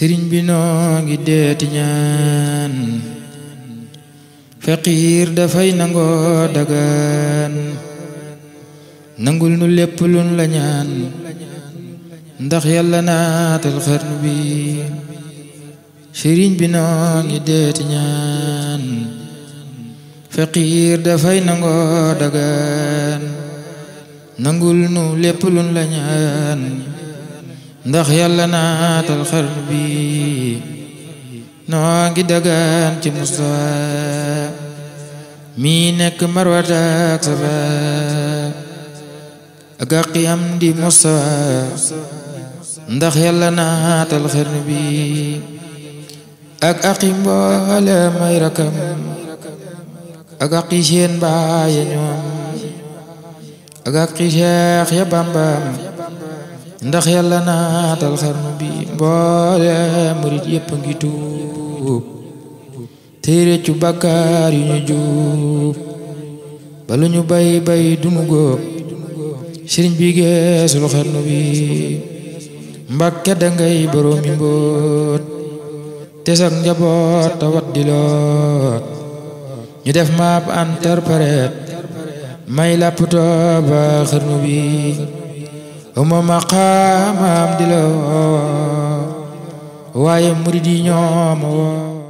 sëriñ bi noo ngi deeti ñaan faqiir dafay nangoo dagaan nangul nu lépp lun la ndax yàlla naatal xarnu bi sëriñ bi noo ngi deeti ñaan dafay nangoo dagaan nangul nu lépp lun la ndax yàlla naatal xar bi noo ngi dagaan ci Musaa mi nekk marwata ak safa ak àqi am di Musaa ndax yàlla naatal xar bi ak àqi mboole may rakam ak àqi seen baay ñoom ak àqi ya Bàmbaam ndax yàlla naatal xarnu bi mboole murit yëpp a ngi tuub tey réccu bàkkaar yu ñu juub balu ñu bay bay dunu góob sëriñ bi geesul xarnu bi mbàkke dangay boroomi mbóot te sax njaboot tawat di loot ñu def maap interprète may lapptoo ba xarnu bi uma maqaamam di la woo waaye murid yi ñooma woo